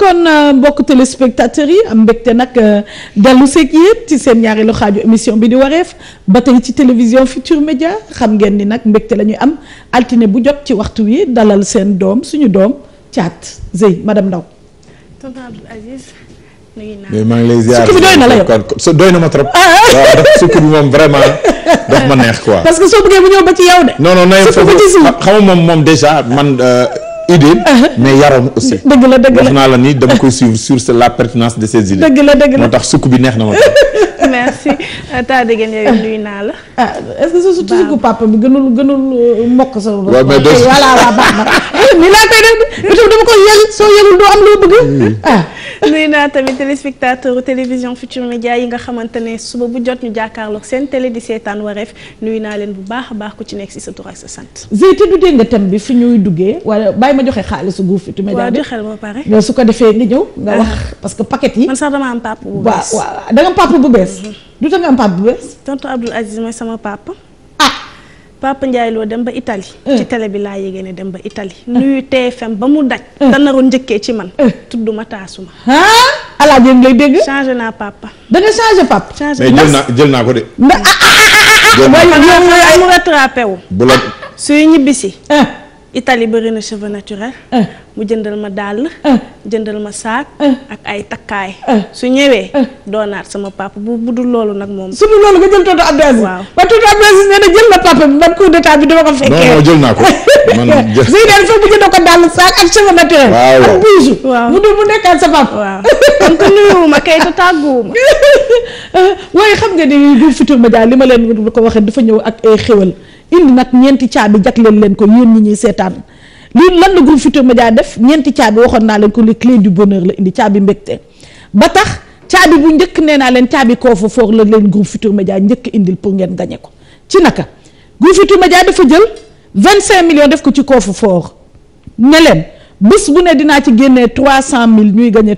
kon euh, mbokk téléspectateurs yi am mbégte nag euh, dellu seeg yéen ci seen ñaareelu xaaju émission bi di wareef ba tey ci télévision Futur Média xam ngeen ni nag mbégte la ñuy am altine bu jot ci waxtu wi dalal seen doom suñu doom caat Zey madame Ndaw tonton Abdou Aziz mais maa ngi lay ziar sukk bi doy na la yow kon doy na ma trop. Ah. waaw ndax sukk bi moom vraiment daf ma neex quoi. parce que soo bëggee mu ñëw ba ci yow de. non non nay foofu xam nga moom moom idée uh-huh. mais yaram aussi. dëgg la dëgg la dëgg la dëgg la moo tax sukk bi neex na ma. merci taa dégg nga nuyu naa la. ah est-ce que surtout suku bi gënul gënul euh, mokk sa. waaw mais doo voilà waa baax na. ni laa koy def itam dama koy yël soo yëlul doo am loo bëgg. Hmm. Ah. nuy naa tamit téléspectateur télévision Futur Média yi nga xamante ne suba bu jot ñu jàkkaarloog seen télé di seetaan wareef nuyu naa leen bu baax a baax ko ci nekk si sa tur ak sa sant. Zeyte du dégg bi fi ñuy duggee wala bàyyi ma joxe xaalisu guuf Futur Média. waaw joxel ba pare su ko defee nga ñëw. nga wax ah. parce que paquet yi. man sax dama am papa bu bees waaw waaw da nga am mhm. du tax nga am papa bu bees. tonton Abdoul Aziz mooy sama papa. Papa Ndiaye Lo dem ba Italie. Mm. ci télé bi laa yëgee ne dem ba Italie. nuyu TFM ba mu daj. da mm. naroon njëkkee ci man. Mm. tudduma taasuma. ah El Hadj yéen lay dégg. changé naa papa. da nga changé papa. changé naa jël naa jël naa ko de. mu rattrapé wu. bu la suy ñibbisi. Italie bëri na cheveux naturel eh. mu jëndal ma dàll eh. jëndal ma saak eh. ak ay takkaay su ñëwee doonaat sama papa bu budul loolu nag moom su dul loolu nga jël tonton Abdou Aziz waaw ba tonton Abdou Aziz nee na jël na papa bi man coup d'état bi dama ko fekkee non non jël naa ko man jël suy dee foog mu jënd ko dàll saak ak cheveux naturel waaw ak bijou waaw mu dul mu nekkaat sa papa waaw kon ko nuyuwuma kay te tàgguwuma waaye xam nga ni Groupe Futurs Médias li ma leen ko waxee dafa ñëw ak ay xéwal indi nag ñeenti caabi jagleel leen ko yéen ñi ñuy seetaan lii lan la groupe Futurs Médias def ñeenti caabi waxoon naa leen ko les clés du bonheur la indi caabi mbégte ba tax caabi bu njëkk nee naa leen caabi koofa foor la leen groupe Futurs Médias njëkk indi pour ngeen gañe ko ci naka groupe Futurs Médias dafa jël 25 millions def ko ci koofa foor ne leen bu ne dinaa ci génnee 300000 ñuy gañe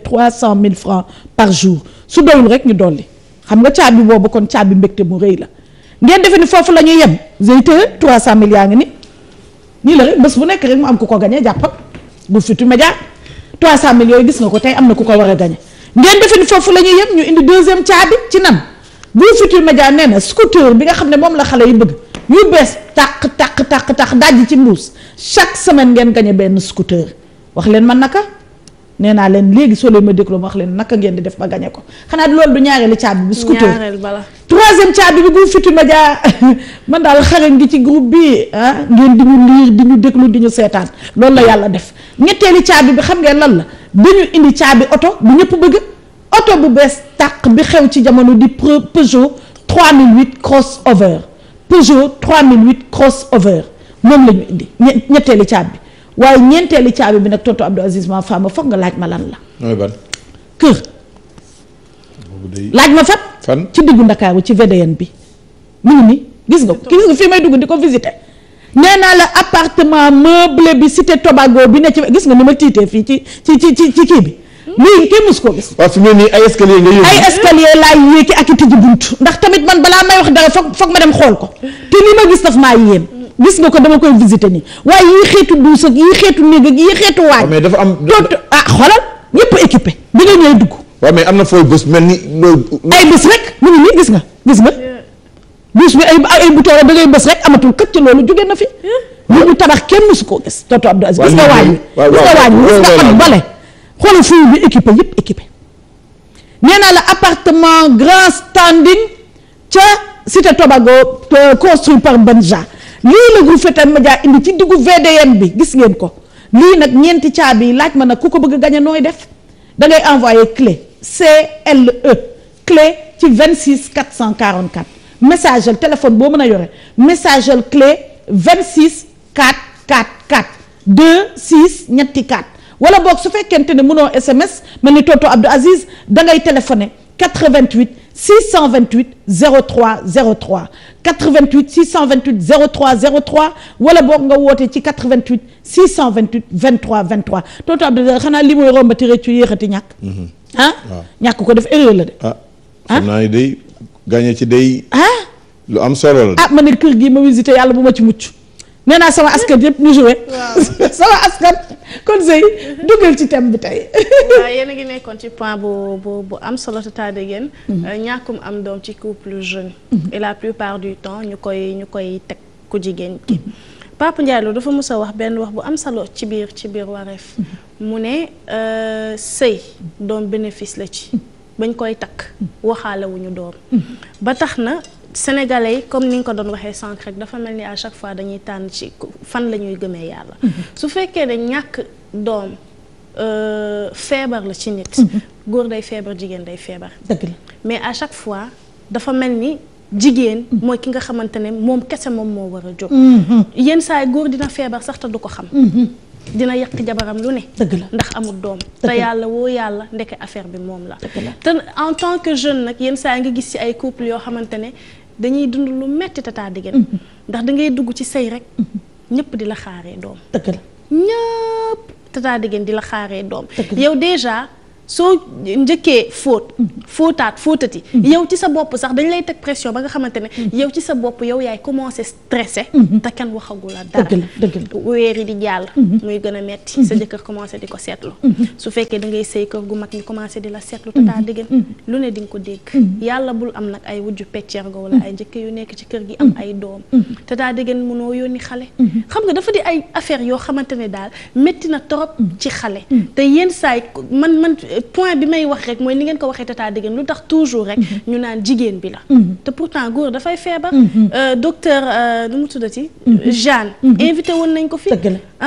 mille francs par jour su doyul rek ñu dolli xam nga caabi boobu kon caabi mbégte mu rëy la. ngeen defe ni foofu la ñuy yem GIE 300 milliards ngi ni nii la rek bés bu nekk rek mu am ku ko gañee jàppal bu Futurs Médias 300 millions yooyu gis nga ko tey am na ku ko war a gañe ngeen defe ni foofu la ñuy yem ñu indi deuxième caabi ci nam bu Futurs Médias nee na bi nga xam ne moom la xale yu bëgg yu bees tàq tàq tàq tàq dajji ci mbuus chaque semaine ngeen gañe benn scooter wax leen man naka nee leen léegi soo ma dégloo ma wax leen naka ngeen di def ba gañe ko xanaa loolu du ñaareelu caabi bi scooter troisième caabi bi groupe Futurs Médias man daal xare ngi ci groupe bi ah ngeen di ñu liir di ñu déglu di ñu seetaan loolu la yàlla def ñetteeli caabi bi xam ngeen lan la dañu indi caabi oto bu ñëpp bëgg oto bu bees tàq bi xew ci jamono di Peugeot 3008 cross over Peugeot 3008 cross over moom la ñu indi ñetteeli caabi bi waaye ñeenteeli caabi bi nag tonton Abdou Aziz ma faama foog nga laaj ma lan la. mooy ban. kër. laaj ma fépp. fan ci diggu Ndakaaru ci VDN bi. mu ngi nii gis nga ko gis nga fii may dugg di ko visiter. nee naa la appartement meublé bi cité Tobago bi ne ci gis nga ni ma tiitee fii ci ci ci ci ci kii bi. lii kii mos koo gis. waaw fi mu ne nii ay escalier nga yëngu. ay escalier laay yéegi ak i tëj bunt. ndax tamit man balaa may wax dara foog foog ma dem xool ko te li ma gis daf maa yéem. gis nga ko dama koy visité nii waaye yi xeetu duus ak yi xeetu néeg ak yi xeetu waañ mais dafa am ah xoolal ñëpp équipé bi nga ñëwee dugg mais am na fooy bës mel ni loolu ay bés rek mu ngi nii gis nga gis nga duus bi ay ay bouton la da ngay bés rek amatul këcc loolu jóge na fi lu hmm? ñu tabax kenn musu gis tonton Abdou Aziz gis nga waañ bi gis nga waañ bi gis nga am bale xoolal fuyu bi équipé yëpp équipé nee naa la appartement grand standing ca cité Tobago euh, construit par Benja lii la groupe Futurs Médias indi ci diggu VDN bi gis ngeen ko lii nag ñeenti caabi yi laaj ma nag ku ko bëgg a gañe nooy def dangay da cle envoyé clé CLE clé ci 26 444 message al téléphone boo mën a yore message vingt al clé 26 444 2 6 ñetti 4 wala boog su fekkente ne mënoo SMS mel ni toto Abdou Aziz da ngay téléphoné. 88 628 03 03 88 628 03 03 wala boog nga wootee ci 88 628 23 23 tonton Abdoulaye xanaa li mooy rombati rëccu yéexati ñàkk. Mhm. Ah? ah ñàkk ko def erreur la de. ah, ah? xam naa ne ci day. Ah? lu am solo la. ah ma ne kër gi ma visité yàlla bu ma ci mucc. nee naa sama askan yëpp ñu joué. sama askan kon sëy duggal ci thème bi tey. waaw yéen a ngi nekkoon ci point bu bu bu am solo ta dégg mm-hmm. euh, ñàkkum am doom ci couple jeune. Mm-hmm. et la plupart du temps ñu koy ñu koy teg ku jigéen ki mm-hmm. Papa Ndiallo dafa mës a wax benn wax bu am solo ci biir ci biir wareef. mu ne euh, sëy doom bénéfice la ci. bañ koy takk waxaalewuñu doom. ba tax na. sénégalais yi comme ni nga ko doon waxee sànq rek dafa mel ni à chaque fois dañuy tànn ci fan la ñuy gëmee yàlla. Mm-hmm. su fekkee ne ñàkk doom euh, feebar la ci nit. Mm-hmm. góor day feebar jigéen day feebar. dëgg la mais à chaque fois dafa mel ni. jigéen mm-hmm. mooy ki nga xamante ne moom kese moom moo war a jóg. yenn saa yi góor dina feebar sax te du ko xam. dina yàq jabaram lu ne. dëgg la ndax amul doom. te yàlla woo yàlla ndeke affaire bi moom la. te en tant que jeune nag yenn saa nga gis ay couple yoo xamante ne. dañuy dund lu metti tata mm-hmm. ndax da ngay dugg ci sëy rek mm-hmm. ñëpp di la xaare doom dëgg la di la xaare doom yow déjà soo njëkkee fóot mm, fóotaat fóotati mm. yow ci sa bopp sax dañ lay teg pression ba nga xamante ne mm. yow ci sa bopp yow yaay commencé stressé mm-hmm. te kenn waxagul la dara weer yi di jàll mm-hmm. muy gën a metti mm-hmm. sa jëkkër commencé di ko seetlu su fekkee da ngay sëy kër gu mag ñu commencé di la seetlu te taa déggan lu ne di nga ko dégg yàlla bul am nag ay wujju peccergo wala ay njëkk yu nekk ci kër gi am ay doom te taa déggan mënoo yónni xale xam nga dafa di ay affaire yoo xamante ne daal métti na trop ci xale point bi may wax rek mooy ni ngeen ko waxee tata dëggeen lu tax toujours rek mhm. ñu naan jigéen bi la mhm. te pourtant góor dafay feebar mhm. euh, docteur euh, nu mu tuddati euh, Jeanne invité woon nañ ko fi ah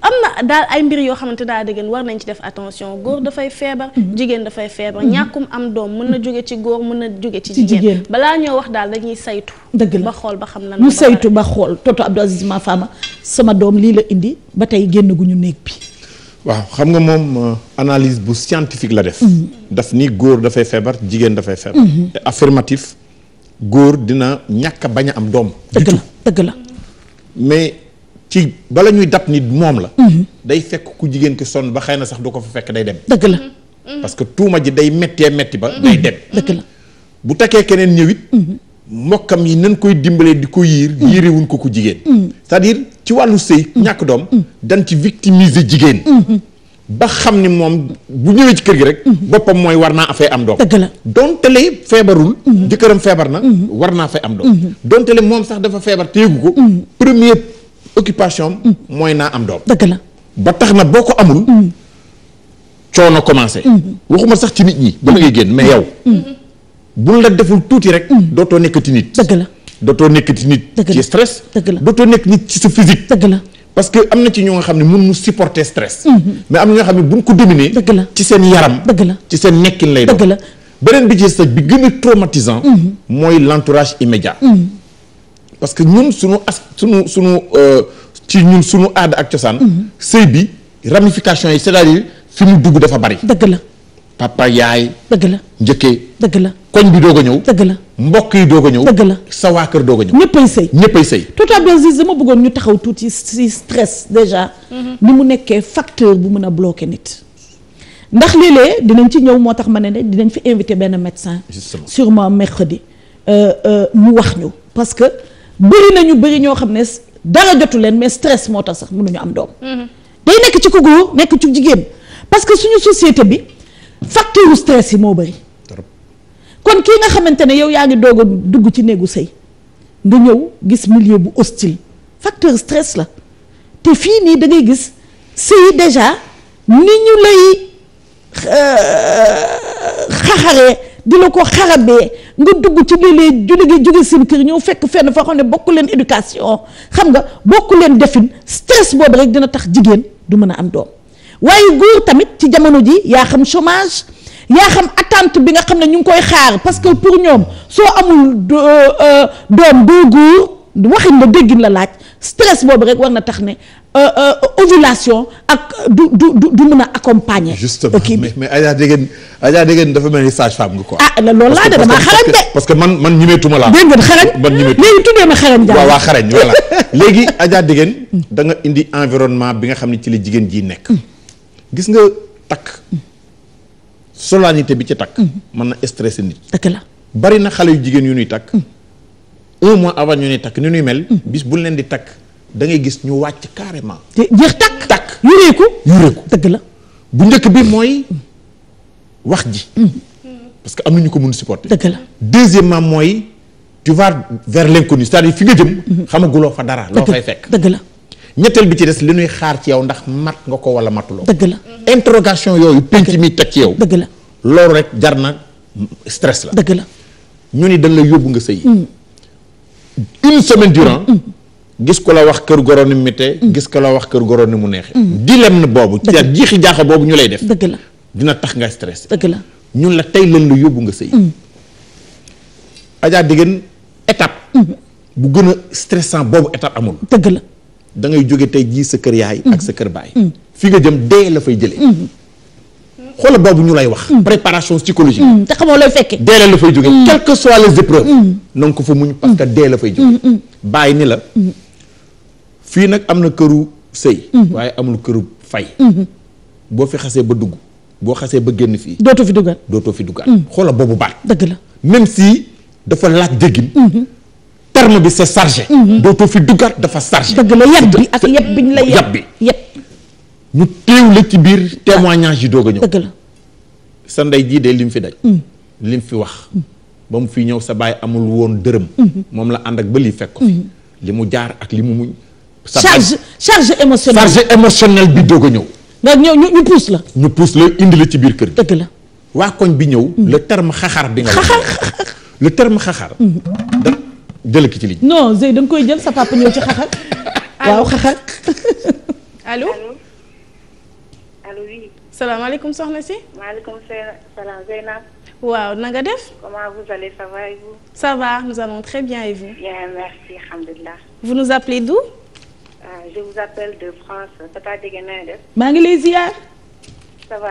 am na daal ay mbir yoo xamante naa daa dëggeen war nañ ci def attention góor dafay feebar jigéen dafay feebar ñàkkum am doom mën na jóge ci góor mën na jóge ci jigéen balaa ñoo wax daal dañuy saytu dëgg ba xool ba xam lan ñu saytu ba xool Toto Abdou Aziz ma fama sama doom lii la indi ba tey génn néeg bi waaw xam nga moom euh, analyse bu scientifique la def. Mm-hmm. daf ni góor dafay feebar jigéen dafay feebar. Mm-hmm. te affirmatif góor dina ñàkk a bañ am doom. dëgg la dëgg la. mais ci bala ñuy dab nit moom la. Mm-hmm. day fekk ku jigéen ki sonn ba xëy na sax du ko fa fekk day dem. dëgg la. parce que tuuma ji day méttee métti ba. day dem dëgg la bu takkee keneen ñëwit mokkam yi nañ koy dimbalee di ko yiir mm. yiirewuñ ko ko jigéen mm. cest à ci wàllu sëy mm. ñàkk doom dan ci victimiser jigéen mm-hmm. ba xam ni moom bu ñëwee ci kër gi rek mm-hmm. boppam mooy war naa fay am doom dëgg la donte feebarul mm-hmm. jëkkëram feebar na war naa fay am doom donte moom sax dafa feebar te yëgu ko première occupation mooy naa am doom dëgg la ba tax na boo ko amul coono commencé waxuma sax ci nit ñi ba ngay génn mais yow buñ la deful tuuti rek. Mm. dootoo nekkati nit. dëgg la dootoo nekkati nit. ci stress. dëgg la dootoo nekk nit ci sa physique. dëgg la parce que am na ci ñoo nga xam ne mën nu supporter stress. Mm-hmm. mais am na nga xam ne buñ ko dominer. dëgg la ci seen yaram. dëgg la ci seen nekkin lay doon. dëgg beneen bi ci sa bi gën a traumatisant. Mm-hmm. mooy l'entourage immédiat. Mm-hmm. parce que ñun suñu as suñu suñu euh, ci ñun suñu aada ak cosaan. sëy bi ramification yi cest à mu dugg dafa bari. dëgg la papa yaay. dëgg la njëkkee. dëgg la koñ bi doog ñëw. dëgg la mbokk yi doog a ñëw. dëgg la sa waa kër doog a ñëw. ñëppay sëy ñëppay sëy. tout à dama bëggoon ñu taxaw tuuti si stress déjà. Mm-hmm. ni mu nekkee facteur bu mën a bloqué nit. ndax léeg-léeg dinañ ci ñëw moo tax ma ne ne dinañ fi invité benn médecin. justement sûrement mercredi mu euh, euh, wax ñu. parce que bëri nañu bëri ñoo xam ne dara jotu leen mais stress moo tax sax mun nañu am doom. Mm-hmm. day nekk ci ku góor nekk ci jigéen parce que suñu société bi facteur stress yi moo bëri. kon kii nga xamante ne yow yaa ngi doog a dugg ci néegu sëy nga ñëw gis milieu bu hostile facteur stress la te fii nii da ngay gis sëy déjà ni ñu lay euh, xaxaree di la ko xarabee nga dugg ci léeg-léeg julli jóge seen kër ñëw fekk fenn foo xam ne bokk leen éducation xam nga bokk leen defin stress boobu rek dina tax jigéen du mën a am doom waaye góor tamit ci jamono ji yaa xam chômage yaa xam attente bi nga xam ne ñu ngi koy xaar parce que pour ñoom soo amul euh, euh, doom doo góor waxin la déggin la laaj stress boobu rek war na tax ne euh, ovulation ak du du du mën a accompagner. justement mais mais Adja Degen Adja Degen dafa mel ni sage-femme nga ko ah loolu laa de damaa xarañ de. parce que man man ñimeetuma laa. dégg nga xarañ man ñimeetuma léegi tuddee ma xarañ. jàll waaw xarañ voilà léegi Adja Degen. da nga indi environnement bi nga xam ne ci la jigéen ji nekk. Mm. gis nga takk. solennité bi ci takk. Mm-hmm. mën na stressé nit. dëgg la bari na xale yu jigéen yu nuy takk. Mm. un mois avant ñu ñuy takk ni ñuy mel. Mm. bis bu leen di takk da ngay gis ñu wàcc carrément. te jeex takk takk yureeku. yureeku dëgg la. bu njëkk bi mooy wax ji. Mm. parce que am na ñu ko mun supporter. dëgg la deuxièmement mooy tu vas vers l'inconnu cest fi nga jëm. Mm-hmm. xamaguloo fa dara. loo fay fekk dëgg la. ñetteel bi ci des li ñuy xaar ci yow ndax mat nga ko wala matuloo. dëgg la interrogation yooyu. penc mii teg ci yow. dëgg la loolu rek jar na stress la. dëgg la ñu ni dañ la yóbbu nga sëy mm. une semaine durant. Mm. gis ko la wax kër goro ni mm. gis ko la wax kër goro mu neexee. dilemme boobu. dëgg la jiixi jaaxa boobu ñu lay def. dëgg la dina tax nga stress. dëgg la ñun la tey lan la yóbbu nga sëy Adja diggéen étape. bu gën a stressant boobu étape amul. dëgg la. da ngay jóge tey jii sa kër yaay ak sa kër baay mm-hmm. fii nga jëm dee la fay jëlee mm-hmm. xoolal boobu ñu lay wax mm-hmm. préparation psychologique te xamoo lay fekkee dee la la fay jóge quelles que soient les épreuves na nga ko fa muñ parce que dee la fay jóge bàyyi ni la fii nag am na këru sëy waaye amul këru fay boo fi xasee ba dugg boo xasee ba génn fii dootoo fi duggaat dootoo fi duggaat xoolal boobu baat dëgg la même si dafa laaj jéggin terme bi sa chargé. Mhm. dootoo fi duggaat dafa chargé. dëgg la yab bi ak yab biñ la yab bi ñu teew la ci biir ah. témoignage yi doog a ñëw. sa ndey jii de li mu fi daj. Mm. lim fi wax. Mm. ba mu fi ñëw sa baay amul woon dërëm. Mm-hmm. moom la ànd ak ba lii fekk ko mm-hmm. li mu jaar ak li mu muñ. sa charge émotionnelle charge émotionnelle bi doog a ñëw. nga ñëw ñu ñu la. ñu pousse la indi la ci biir kër gi. dëgg la waa koñ bi ñëw. Mm. le terme xaxar bi nga wax. le terme xaxar. Mm-hmm. jëlee ki ci ligne. non Zey da koy jël sa papa ñëw ci xaxar. waaw xaxar. allo allo oui. salaamaaleykum soxna si. maaleykum salaam Zeynab. waaw na nga def. comment vous allez va et vous. ça va nous allons très bien et vous. bien merci alhamdulilah. vous nous appelez euh, maa ngi lay ziar. maa ngi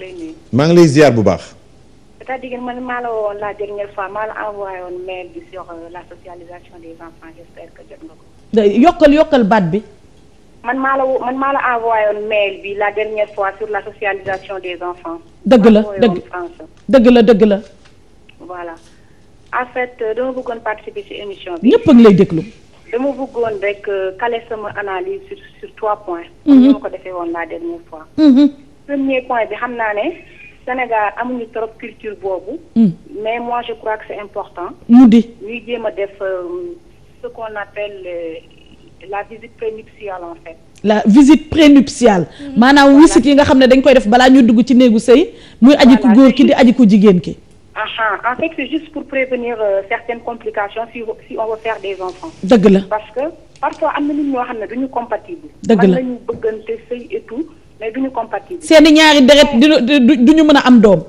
lay maa ngi lay ziar bu baax. c'est-à-dire man maa la woon la dernière fois maa la envoyé woon mail bi sur euh, la socialisation des enfants j'espère que jot yokkal yokkal baat bi. man maa la man maa la envoyé woon mail bi la dernière fois sur la socialisation des enfants. dëgg la dëgg dëgg la dëgg la. voilà en fait euh, dama bëggoon participer ci émission bi. ñëpp a ngi lay déglu. dama bëggoon rek euh, caler sama analyse sur sur trois points. Mhm. comme ni ma ko defee woon la mhm. bi xam naa ne. Sénégal amuñu trop culture boobu. Hmm. mais moi je crois que c'est important. mu di ñuy jéem a def euh, ce qu'on appelle euh, la visite prénuptiale en la visite prénuptiale. Hmm. maanaam wisit yi nga xam ne dañ koy def balaa ñu dugg ci néegu sëy muy aji ku góor ki di aji ku jigéen ki. aha en fait c'est juste pour prévenir euh, certaines complications si si on veut faire des enfants. dëgg la parce que parfois am na nit ñoo xam ne duñu compatible. dëgg la mën nañu bëggante sëy et tout. mais duñu compatible. seeni ñaari deret du duñu mën a am doom.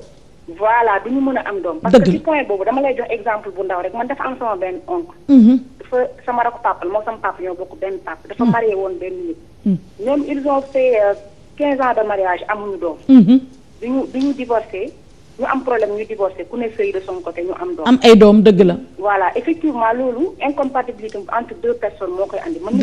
voilà ñu mën a am doom. parce que ci point boobu dama lay jox exemple bu ndaw rek man dafa am sama benn oncle. Mm-hmm. dafa sama rakk papa moom sama papa ñoo bokk benn papa. dafa mm-hmm. marié woon benn nit. ñoom mm-hmm. ils ont fait euh, quinze ans de mariage amuñu doom. bi ñu bi ñu divorcé. ñu am problème ñu divorcé ku ne sëy de son côté ñu am doom. am ay doom dëgg la. voilà effectivement loolu incompatibilité entre deux personnes moo koy andi. mën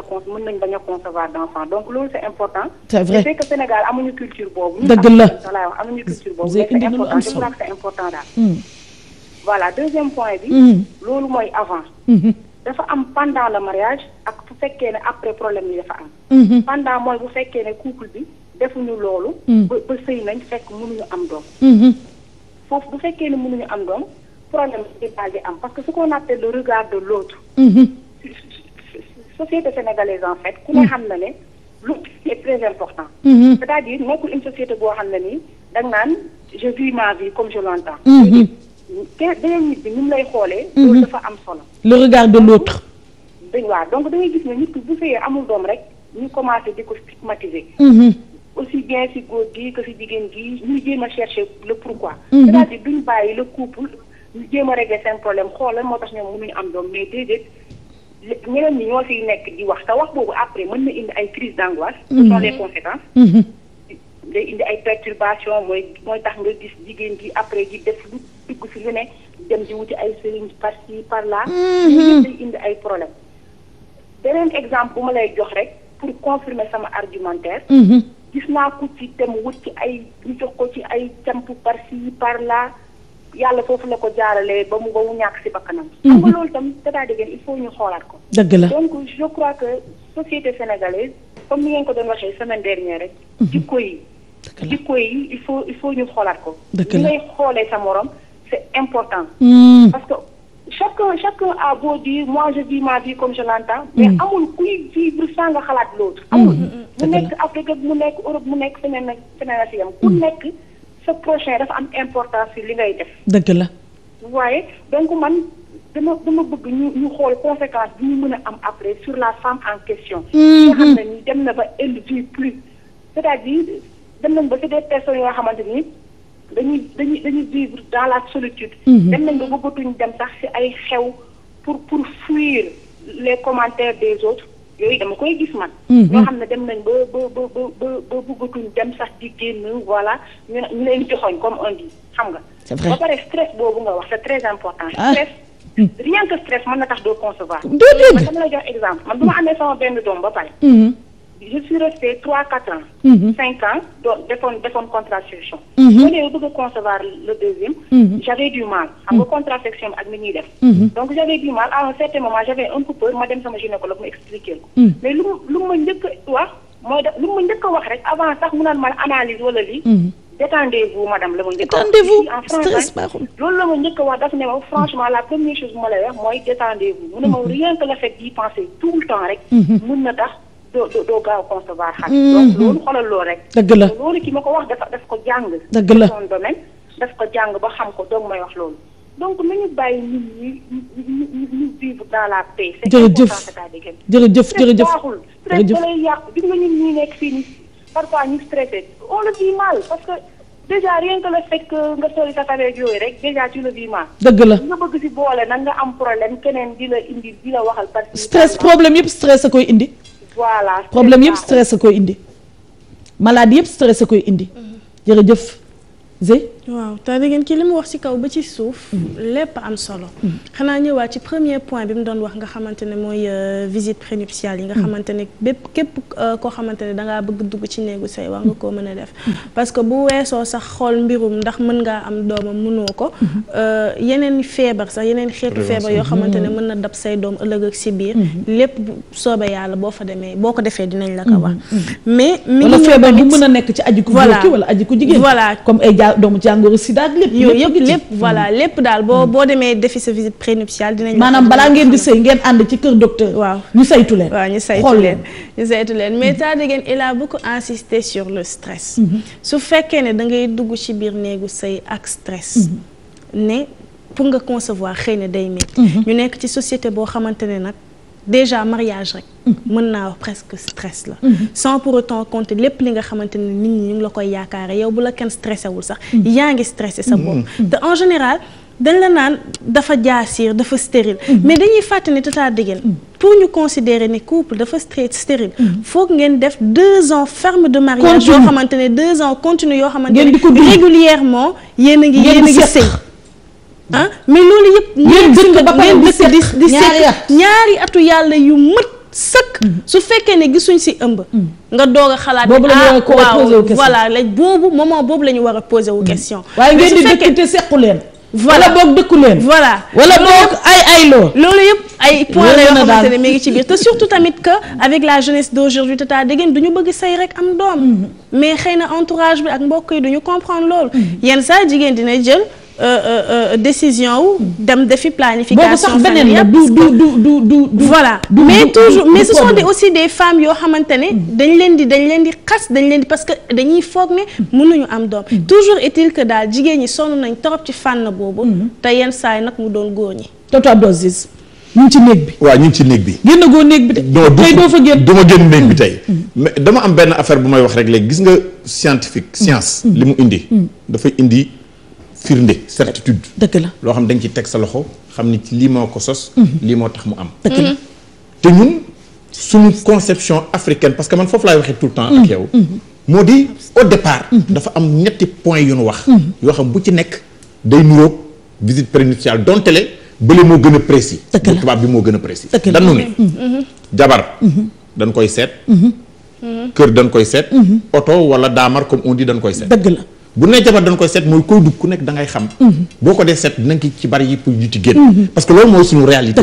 nga bañ concevoir d' donc loolu c' important. c' est amuñu culture boobu. dëgg la amuñu culture boobu. c' est important je crois que c' voilà deuxième point bi. Hmm. loolu mooy avant. Hmm. dafa am pendant le mariage ak bu fekkee ne après problème yi dafa am. Mhm. pendant mooy bu fekkee ne couple bi defuñu loolu. Mhm. ba ba sëy nañ fekk mënuñu am doom. Mhm. foofu bu fekkee ne mënuñu am doom problème bi daal di am parce que ce qu'on appelle le regard de l'autre. société sénégalaise en fait. ku ne xam na ne lu est très important. c'est-à-dire nekkul une société boo xam ne nii da nga naan je vis ma vie comme je l'entends. kenn beneen nit bi ni lay xoolee. Mhm. loolu dafa am solo. le regard de l'autre. dañ waaw donc da ngay gis ne nit bu feyee amul doom rek ñu commencé di ko stigmatiser. Mhm. aussi bien si góor gi ko si jigéen gi ñu jéem a chercher le pourquoi. Mhm. c'est-à-dire duñ bàyyi le couple ñu jéem a régler seen problème xoolal moo tax ñoom mënuñu am doom mais déedéet ñeneen ñi ñoo fiy nekk di wax te wax boobu après mën na indi ay crise d'angoisse. ce sont les day indi ay perturbation mooy mooy tax nga gis jigéen gi après di def lu dugg fi lu ne dem di wuti ay sëriñ par ci par la mhm. yooyu indi ay problème beneen exemple bu ma lay jox rek pour confirmer sama argumentaire. Mhm. gis naa ku ci dem wut ci ay ñu jox ko ci ay camp par ci par là yàlla foofu la ko jaaralee ba mu ba mu ñàkk si bakkanam. Mhm. xam loolu tam dafa dégg il faut ñu xoolaat ko. dëgg la donc je crois que société sénégalaise comme ni ngeen ko doon waxee semaine dernière rek. jikko yi. jikko yi il faut il faut ñu xoolaat ko. dëgg ngay xoolee sa morom c'est important. Hmm. parce que chacun chaque a beau dire mois je di ma vie comme je l'entends. Hmm. mais amul kuy vivre sans nga xalaat l'autre. Hmm. amul mu nekk Afrique mu nekk Europe mu nekk feneen ak feneen ak yam ku nekk sa prochain dafa am importance ci li ngay def. dëgg la. waaye donc man dama dama bëgg ñu ñu xool conséquence bi ñu mën a am après sur la femme en question. dem na ba elle dem nañ ba c'est des personnes yoo xamante nii dañuy dañuy dañuy vivre dans la solitude. Mhm. dem nañ ba bëggatuñ dem sax ci ay xew pour pour fuir les commentaires des autres yooyu dama koy gis man. Mhm. ñoo xam ne dem nañ ba ba ba ba ba bëggatuñ dem sax di génn voilà ñu ñu leen joxoñ comme on dit xam nga. c'est vrai ba pare stress boobu nga wax c'est très important. Ah. stress mhm. rien que stress mën na tax doo concevoir. déedéet man dama la jox exemple man bu ma amee sama benn doom ba pare. je suis restée trois quatre ans. Mhm. cinq ans doon defoon defoon contraception. boo mhm. nee bëgg a concevoir le deuxième. Mhm. j'avais du mal. xam nga contraception ak ni ñuy def. donc j'avais du mal à un certain moment j'avais un peu ma dem sama gynécologue mu expliquer ko. ma njëkk a wax mooy def lu ma njëkk wax rek avant sax mu naan man analyse wala lii. détendez-vous madame la ma njëkk a loolu la ma jëkk wax daf ne ma franchement la première chose bu ma lay wax mooy tout le temps rek. na tax. doo doo gaaw concevoir xam hmm, donc hmm. loolu xoolal loo rek. dëgg la loolu ki ma ko wax dafa daf ko jàng. dëgg la son domaine daf ko jàng ba xam ko doog may wax loolu. donc nañu bàyyi nit ñi ñu ñu ñu vivre dans la paix. jërëjëf jërëjëf jërëjëf baaxul. stress da lay yàqu gis nga ñun ñuy nekk fii nii parfois ñu stressé on le vit mal parce que déjà nga sori sa tabeeg yooyu rek déjà tu le dëgg la nga bëgg si boole nag nga am problème keneen di la indi di la waxal. parce que stress problème yëpp stress a koy indi. voilà problème yëpp stress a koy indi. malade yëpp stress a koy indi. Mhm. jërëjëf Zé. waaw te da ngeen ki li mu wax ci kaw ba ci suuf. Mm. lépp am solo. Mm. xanaa ñëwaat ci premier point bi mu doon wax nga xamante ne mooy euh, visite prénuptiale yi nga mm. xamante ne bépp képp euh, koo xamante ne dangaa bëgg dugg ci néegu say wax nga koo mën a def. parce que bu weesoo sax xool mbirum ndax mën ngaa am doomam mënoo ko. Mm-hmm. Euh, yeneen feebar sax yeneen xeetu feebar yoo xamante ne mën na dab say doom ëllëg ak ci biir. Mm-hmm. lépp soobee yàlla boo fa demee boo ko defee dinañ la ko mm-hmm. wax. jàngoro sida ak lépp. yooyu yëpp lépp voilà mm. lépp daal boo boo demee defi sa visite prénuptiale dinañ. maanaam balaa ngeen di sëy ngeen ànd ci kër docteur. waaw ñu saytu leen. waaw ñu saytu leen ñu saytu leen mais Tadegen mm-hmm. il a beaucoup insisté sur le stress. Mm-hmm. su fekkee ne da ngay dugg ci biir néegu sëy ak stress. Mm-hmm. ne pour nga concevoir xëy na day métti. ñu nekk ci société boo xamante nag. déjà mariage rek. mën naa wax presque stress la. Mhm. sans pour autant compter lépp li nga xamante ne nit ñi ñu ngi la koy yaakaare yow bu la kenn stressé wul sax. Mhm. yaa ngi stressé sa bopp. Mhm. te en général dañ la naan dafa jaasiir dafa stérile. mais dañuy fàttali te Tata Déguène pour ñu considérer ne couple dafa stérile. foog ngeen def deux ans ferme de mariage. yoo xamante ne deux ans continue yoo xamante ne régulièrement yéen a ngi yéen a ngi sëy ah mais loolu yëpp. ngeen dëkk ba pare di set di set atu yàlla yu mët mm-hmm. su fekkee ne gisuñ si ëmb. Mm-hmm. nga doog a xalaat boobu la ñu ah, waaw voilà léegi boobu moment boobu la ñu war a posé wu mm-hmm. question. waaye ngeen di dëkk te sequ leen. voilà wala boog dëkku leen. voilà wala boog ay ay loo. loolu yëpp ay point la yoo xamante ne ngi ci biir te surtout tamit que avec la jeunesse d'aujourd'hui tata dégg ngeen du ñu bëgg say rek am doom. mais xëy na entourage bi ak mbokk yi du ñu comprendre loolu. yenn saa jigéen dina jël. Euh, euh, euh, décision wu dem defi planification familiale boobu sax beneen du du du voilà mais toujours mais ce sont des aussi des femmes yoo xamante ne dañ leen di dañ leen di xas dañ leen di parce que dañuy foog ne mënuñu am doom mm-hmm. toujours est-il daal jigéen ñi sonn nañ torop ci fànn boobu mm-hmm. te yenn saay nag mu doon góor ñi totobdosis ñu ngi ci néeg bi waaw ñu ngi ci néeg bi génn goo néeg bi tey doo fa génn du ma génn néeg bi tey mm-hmm. mais dama am benn affaire bu may wax rek léegi gis nga scientifique science li mu indi dafay indi firnde certitude. dëgg la loo xam da nga ci teg sa loxo xam ni ci lii moo ko sos. Mhm. lii moo tax mu am. dëgg la te ñun suñu conception africaine parce que man foofu laay waxee tout le temps. ak mhm. yow mhm. moo di au départ. dafa am ñetti point yoonu wax. yoo xam bu ci nekk day nuroog visite prénuptiale dontele bële moo gën a précis. dëgg la tubaab bi moo gën a précis. dëgg la dañu ne. jabar. dañ koy seet. kër dan koy seet. oto wala daamar comme on dit dañ koy seet. dëgg bu ne jabar dañ koy seet mooy koy dugg ku nekk da ngay xam mhm. boo ko dee seet dinañ ki ci bari yëpp yu ci génn mhm. parce que loolu mooy suñu réalité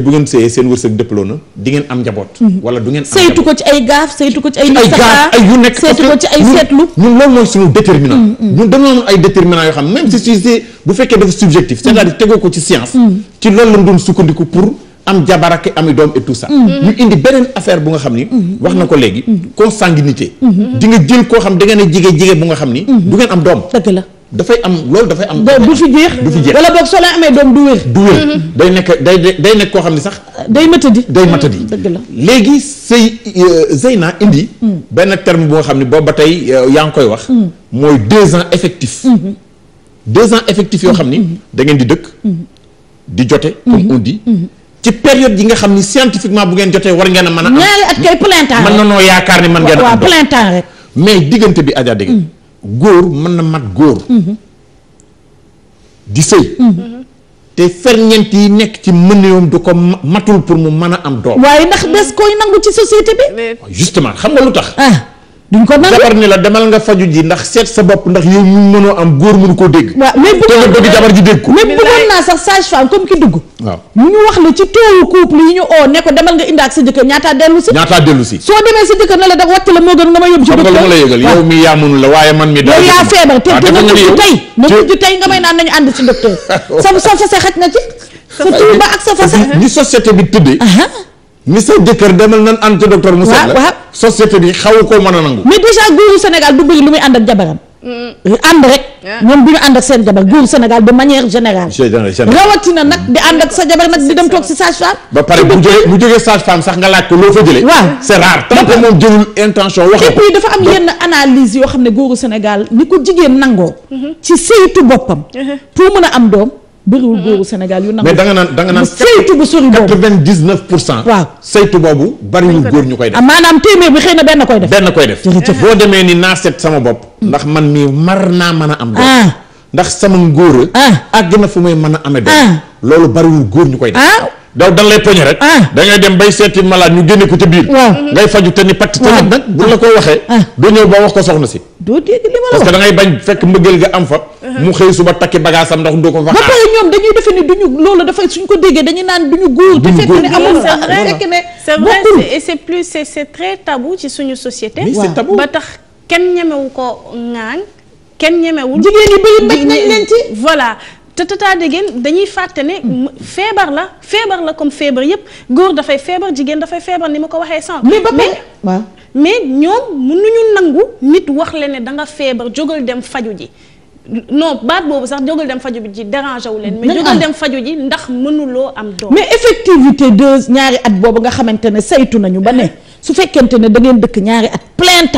bu ngeen sëyee seen wërsëg dëppaloo na di ngeen am njaboot mhm. wala du ngeen am ko ci ay gaaf saytu ko ci ay gaaf ay yu nekk saytu ko ci ay seetlu ñun loolu mooy suñu déterminant ñun dañoo am ay déterminant yoo xam même si si bu fekkee dafa subjectif c'est-à-dire tegoo ko ci science ci loolu lañ doon sukkandiku pour am jabar ak ami doom et tout ça. Mm-hmm. ñu indi beneen affaire bu nga xam ni. Mm-hmm. wax na ko léegi. consanguinité. Mm-hmm. di nga jël koo xam da ngeen a jege jege bu nga xam ni. du ngeen am doom. dëgg la dafay am dafay am. du fi jeex du fi jeex. wala boog amee doom du wér. du wér day nekk day day nekk koo xam ni sax. day matadi day matadi. dëgg la léegi sëy euh, Zeyna indi. Mm. benn terme bu xam ni boobu ba tey euh, yaa ngi koy wax. Mm. mooy deux ans effectif. deux ans effectif yoo xam ni. da ngeen di dëkk. di jote. comme on ci période yi nga xam ni scientifiquement bu ngeen jotee war ngeen a mën a am ñaari at kay na noo yaakaar ni man ngeen a am plein mais diggante bi Adja dégg mm. góor mën na mat góor mm-hmm. di sëy mm-hmm. te ferñeent yi nekk ci mën mëneewam du ko matul pour mu mën a am doom waaye ndax des koy nangu ci société bi justement xam nga lu tax ah. duñ ko nangu jabar ni la demal nga faju ji ndax seet sa bopp ndax yow mu mënoo am góor mënu koo dégg. waaw mais bëggoon naa bëgg jabar ji dégg ko. mais dugg. waaw mu ñu wax la ci toowu couple yi ñu oo ne demal nga indi ak sa jëkkër ñaata dellu si. ñaata dellu si soo demee sa jëkkër ne la da watt la moo gën nga ma yóbbu. ci docteur xam nga lu ma la yëgal yow mi yaa mënu la waaye man mi. daal yaa te te nga mujj tey nga may naan nañu ànd ci docteur sa sa fase xaj na ci sa tuuba ak sa fase ni société bi tëddee ni sa jëkkër demal nan ànd ca mu seet la waaw société bi xaw koo mën a nangu mais déjà góoru Sénégal du bëri lu muy ànd ak jabaram ànd rek ñoom du ñu ànd ak seen jabar góoru Sénégal de manière sa jabar nag di dem toog si sage femme ba pare bu jógee bu jógee sage sax nga laaj ko loo fa jëlee waaw c'est rare tant moom jëlul intention wax et puis dafa am yenn analyse yoo xam ne góoru Sénégal ni ko jigéen nangoo mm-hmm. ci saytu boppam mm-hmm. pour mën a am doom bëriwul mm-hmm. góoru Sénégal yu na mais danga naan danga naan saytu bu sori boobu 99 pour cent. waaw saytu boobu bariwul góor ñu koy def. Ah, maanaam téeméer bi xëy na benn koy def. benn koy def jërëjëf boo demee ni naa seet sama bopp. Mm. ndax man mii mar naa mën a am. Ah. ndax sama ngóor. agg ah. na fu may mën a amee doom. loolu bariwul góor ñu koy def. daw dan lay poñe rek. Ah. dem bay seeti malade ñu génne ko ca biir. ngay faju te ni pàcc. te la ko waxee. Ah. doo ñëw ba wax ko soxna si. doo dégg li ma la ga am fa. Uh-huh. mu xëy suba takki bagage am ndax doo ko fa. ba pare ñoom dañuy defe ni duñu ko déggee dañuy naan duñu góor. te fekk ne amul fekk ne. c'est vrai et c'est tax kenn ñemewu ko ŋaañ. kenn ñemewul jigéen yi bëri nañ leen voilà te tata dégéen dañuy fàtte ne hmm. feebar la feebar la comme feebar yëpp góor dafay feebar jigéen dafay feebar ni ma ko waxee sànq. mais ba waaw mais ñoom mënuñu nangu nit wax la ne da nga feebar jógal dem faju ji non baat boobu sax jógal dem faju ji dérangé wu leen. mais jógal dem faju ji ndax mënuloo am doom. mais effectivité de ñaari at boobu nga xamante ne saytu nañu ba ne. su fekkente ne da ngeen dëkk ñaari at plein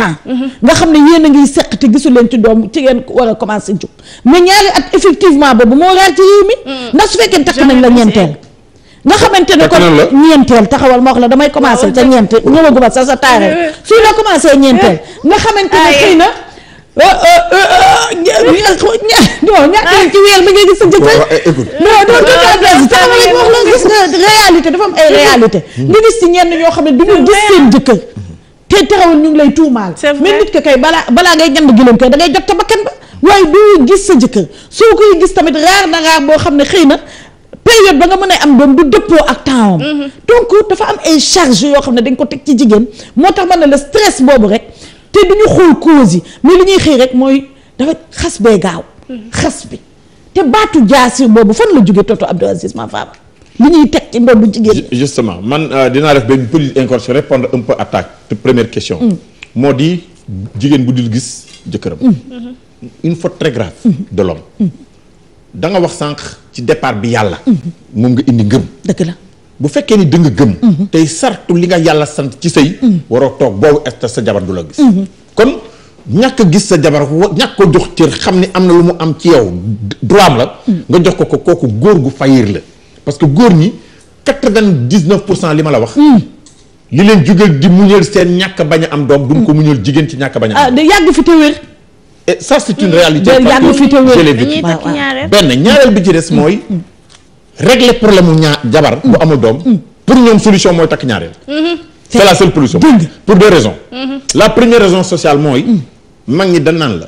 nga xam ne yéen a ngiy seq te gisu leen ci doom ci ngeen war a commencé jug mais ñaari at effectivement boobu moo raar ci réew mm. ndax su fekkee takk nañ la ñeenteel nga xamante ne kon ñeenteel taxawal ma wax la damay commencé ca ñeente ñëwaguma sa sa taareel suñ la commencé ñeenteel nga xamante ne ah, xëy na non ñàkk nañ ci wéyal ba ngay gis sa jëkkër. écoute non non tout à fait sama lañ dafa ay réalité. nga gis ci ñenn ñoo xam ne du ñu gis seen jëkkër. te ñu ngi lay tuumaal. c'est vrai balaa balaa ngay ñand gileem kay da ngay jot ta bakkan waaye doo gis sa jëkkër soo koy gis tamit raar na raar xam ne xëy na. période ba nga mën a am doom du dëppoo ak temps mm-hmm. donc dafa am ay charge yoo xam ne dañ ko teg ci jigéen moo tax ma ne le stress boobu rek. te du ñu xool cause yi mais li ñuy xëy rek mooy dafa xas bee gaaw. xas bi te baatu jaasir boobu fan la jógee Toto Abdou Aziz ma faaba li ñuy teg ci ndodd jigéen justement man euh, dinaa def benn petite incursion répondre un peu à ta première question. Mm. moo di jigéen bu dul gis jëkkëram. Mm. Mm-hmm. une faute mm-hmm. mm. nga wax sànq ci départ bi yàlla. Mm-hmm. moom nga indi ngëm. bu fekkee ni dëng gëm mhm. tey sartu li nga yàlla sant ci say mhm. waroo toog boobu est sa jabar du la gis mhm. kon ñàkk gis sa jabar ñàkk ko jox cër xam ni am na lu mu am ci yow droit am la nga jox ko ko kooku góor gu fayir la parce que góor ñi quatre-vingt-dix-neuf pour cent li ma la wax li leen jugal di muñal seen ñàkk bañ a am doom mu ko muñal jigéen ci ñàkk bañ a am ah, doom yàgg fi te wér et ça c'est une mm. réalité parce que je l'ai vécu benn ñaareel bi ci des mm. mooy mm. régler problème mu ñaar jabar bu amul doom mm. pour ñoom solution mooy takk ñaareel mm-hmm. c'est la seule solution pour deux raisons mm-hmm. la première raison sociale mooy mm. mag ñi dañ naan la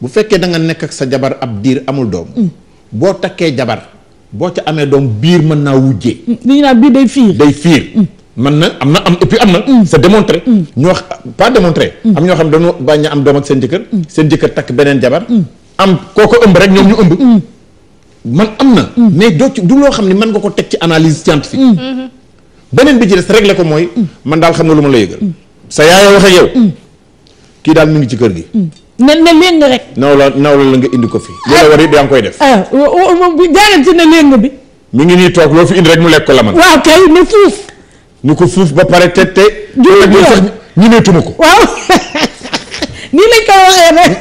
bu fekkee da nga nekk ak sa jabar ab diir amul doom mm. boo takkee jabar boo ca amee doom biir mën naa wujjee li ñu naan biir day fiir day fiir man na am na am et puis am na c'est démontré ñoo pas démontré am ñoo xam dañu bañ a am doom ak seen jëkkër seen jëkkër takk beneen jabar am kooko ëmb rek ñoom ñu man am na. Mm. mais doo ci du loo xam ne mën nga ko teg ci analyse scientifique. Mm. beneen bi ci des rek la ko mooy. Mm. man daal xam nga lu ma la yëgal. sa yaay wax ak yow. kii daal mu ngi ci kër gi. ne na léng rek. naw la naw la nga indi ko fi. ah la war it yaa ngi koy def. Ah, moom bu jaaree ci ne léng bi. mu ngi nii toog loo fi indi rek mu lekk ko la man. waaw kay ne fuuf. ñu ko fuuf ba pare te te. juróomi sax ñi ko. waaw. nii lañ ko waxee nag.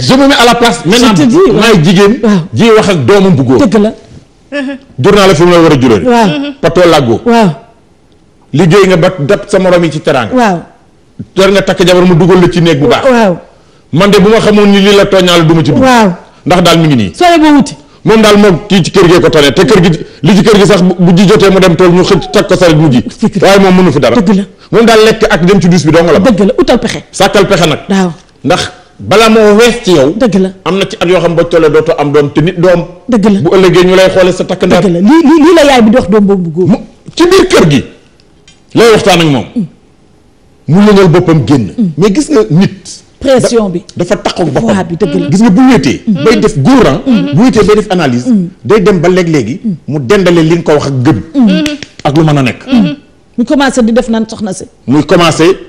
je me mets à la place. maintenant maay jigéen. ji wax ak doomam bu góor. dëgg la. jur naa la fi mu la war a jural. waaw patoo làggoo. liggéey nga ba dab sa morom yi ci teraanga. waaw. jar nga takk jabar mu dugal la ci néeg bu baax. man de bu ma xamoon ni lii la tooñaale du ma ci dugg. ndax daal mu ngi nii. soo boo wuti. moom daal moom kii ci kër gee ko tane te kër gi li ci kër gi sax bu ji jotee mu dem tool ñu xëcc takk ko mu ji waaye moom mënu fi daal lekk ak dem ci dus bi doo nga la dëgg la utal pexe sàkkal pexe nag ndax balaa moo wees ci yow. dëgg la am na ci at yoo xam ba tollee dootoo am doom te nit doom. dëgg la bu ëllëgee ñu lay xoolee sa takk ndax. dëgg la lii lii la yaay bi dox doom boobu góor. ci biir kër gi lay waxtaan ak moom. Mm. mu yëngal boppam génn. Mm. mais gis nga nit. pression bi dafa taxaw boppam bi dëgg la gis nga bu wéetee. Mm. bay def góoran. bu wéetee bay def analyse. day dem ba léeg-léegi. mu dendalee li nga ko wax ak gëm. ak lu mën a nekk. muy commencé di def naan soxna si. muy commencé.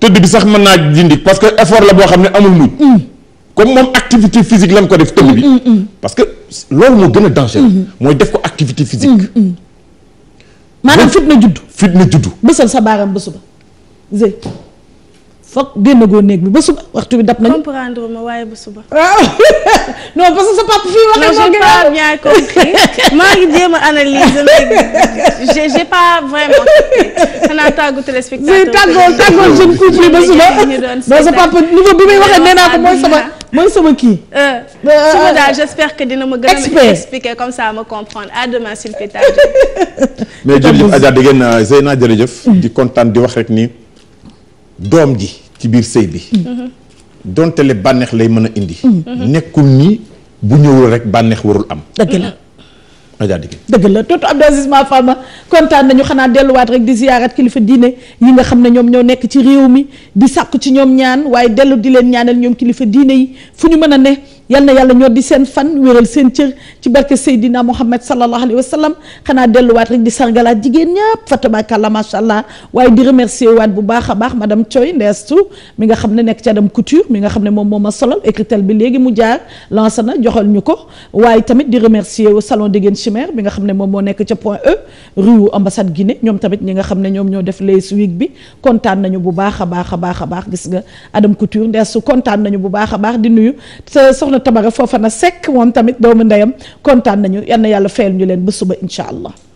tëdd bi sax mën naa dindi parce que effort la boo xam ne amul mujj. Mm. comme moom activité physique lan ko def tëdd bi. Mm, mm, parce que loolu moo gën a dangereux. mooy def ko activité physique. maanaam fit na judd. fit na judd. bësal sa baaram bësu ba. foog génnagoo néeg bi ba suba waxtu bi dab nañu. comprendre ma waaye ba suba. waaw ah! non parce que sa papa fii waxee. non j'ai pas bien compris maa ngi jéem a analyser mais j'ai pas vraiment compris xanaa tàggu téléspectateur. si tàggool tàggool jeune couple ba suba. non sa papa niveau bi muy waxee nee naa ko mooy sama. mooy sama kii. Euh, euh, suba euh, daal j'espère que dina ma gën a expliquer comme ça ma comprendre à demain s'il fait tard mais jërëjëf Adja dégg ngeen Zeyna jërëjëf. Mm. di kontaan di wax rek nii. doom ji ci biir sëy bi donte le bànneex lay mën a indi nekkul nii bu ñëwul rek bànneex warul am dëgg la dëgg la tonton Abdou Aziz Ma Fama kontaan nañu xanaa delluwaat rek di ziyaarat kilifa diine yi nga xam ne ñoom ñoo nekk ci réew mi di sàkku ci ñoom ñaan waaye dellu di leen ñaanal ñoom kilifa diine yi fu ñu mën a ne yal na yàlla ñoo di seen fan wéral seen cër ci barke Seydina Mouhamed sallallahu alayhi wa sallam xanaa delluwaat rek di sargalaat jigéen ñëpp fa la macha allah waaye di remercier waat bu baax a baax madame Thioy Ndeestu mi nga xam ne nekk ci Adam Couture mi nga xam ne moom moo ma solal écritel bi léegi mu jaar lancé na joxal ñu ko waaye tamit di remercier au salon Déguène Chimère bi nga xam ne moom moo nekk ca point E rue ambassade Guinée ñoom tamit ñi nga xam ne ñoom ñoo def les week bi kontaan nañu bu baax a baax a baax a baax gis nga Adam Couture Ndeestu kontaan nañu bu baax a baax di nuyu soxna tabaga foofa Fofana sekk moom tamit doomi ndeyam kontaan nañu yal yàlla fayal ñu leen ba suba incha allah